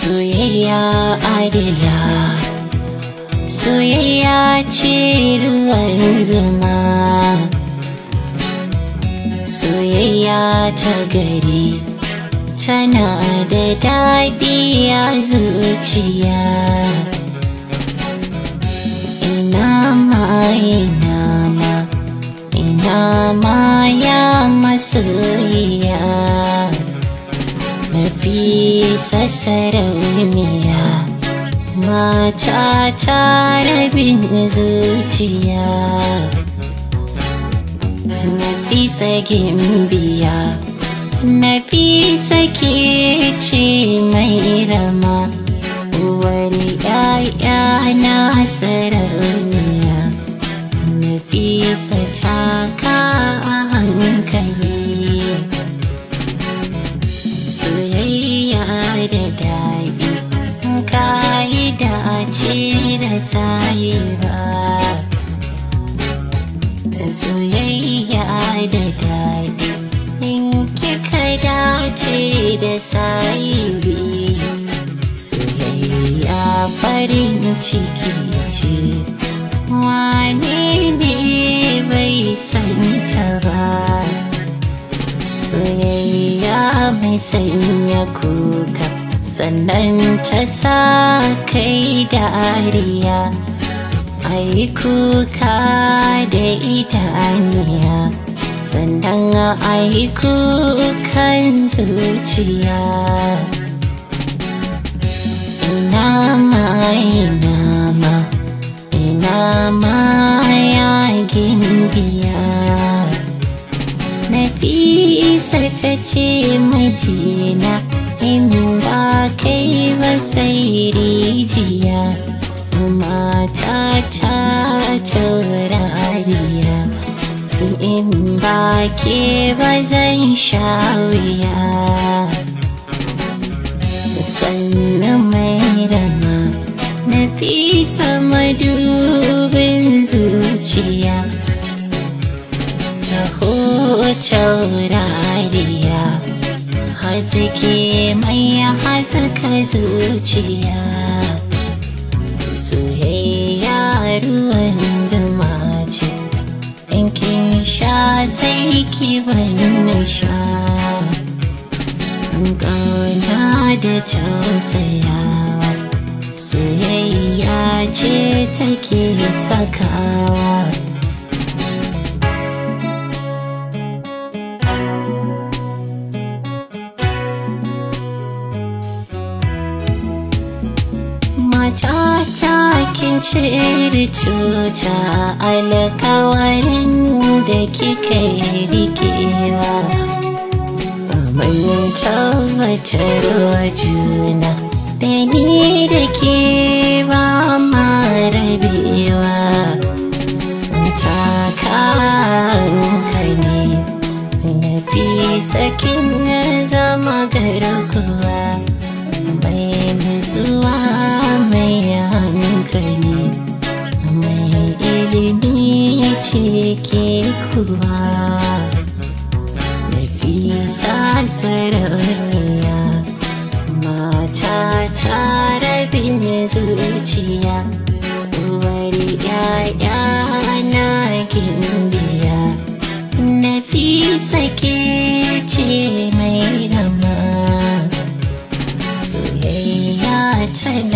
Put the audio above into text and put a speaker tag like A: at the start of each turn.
A: soyayya adila soyayya ce ruwan zama soyayya ta gari tana da daɗi a zuciya ina ma ina ma ya masoyiya tafi sassarauniya mata ta rabin zuciya nafisa gimbiya nafisa ke ce mai rama wani ya'ya na sarauniya nafisa ta ka hankali soyayya da daɗi ka'ida ce da sayi ba soyayya da daɗi in kika dace da sayi bi soyayya farin ciki ce wane ne bai ta ba soyayya mai kuka sannan ta sa kai dariya ai kuka da idaniya sannan ai kukan zuciya ina mai sai rijiya mata ta taurariya in ba ke ba zan sha wuya sannan mai rama na fi sama dubin zuciya taho taurariya haske mai saka zuciya soyayya ruwan zama ce in kin sha sai ki bani sha da ƙauna da tausayawa soyayya ce take sakawa matakin cire cuta alkawarin da kika yi rikewa mai wa juna da ni da ke ba ma rabewa takanka ne na fi sakin zama garkuwa sani mai ilimi ya ce ke kuwa nafisa sarauniya mata ta rabin zuciya wari ya'ya na gimbiya nafisa ke ce mai rama soyayya tana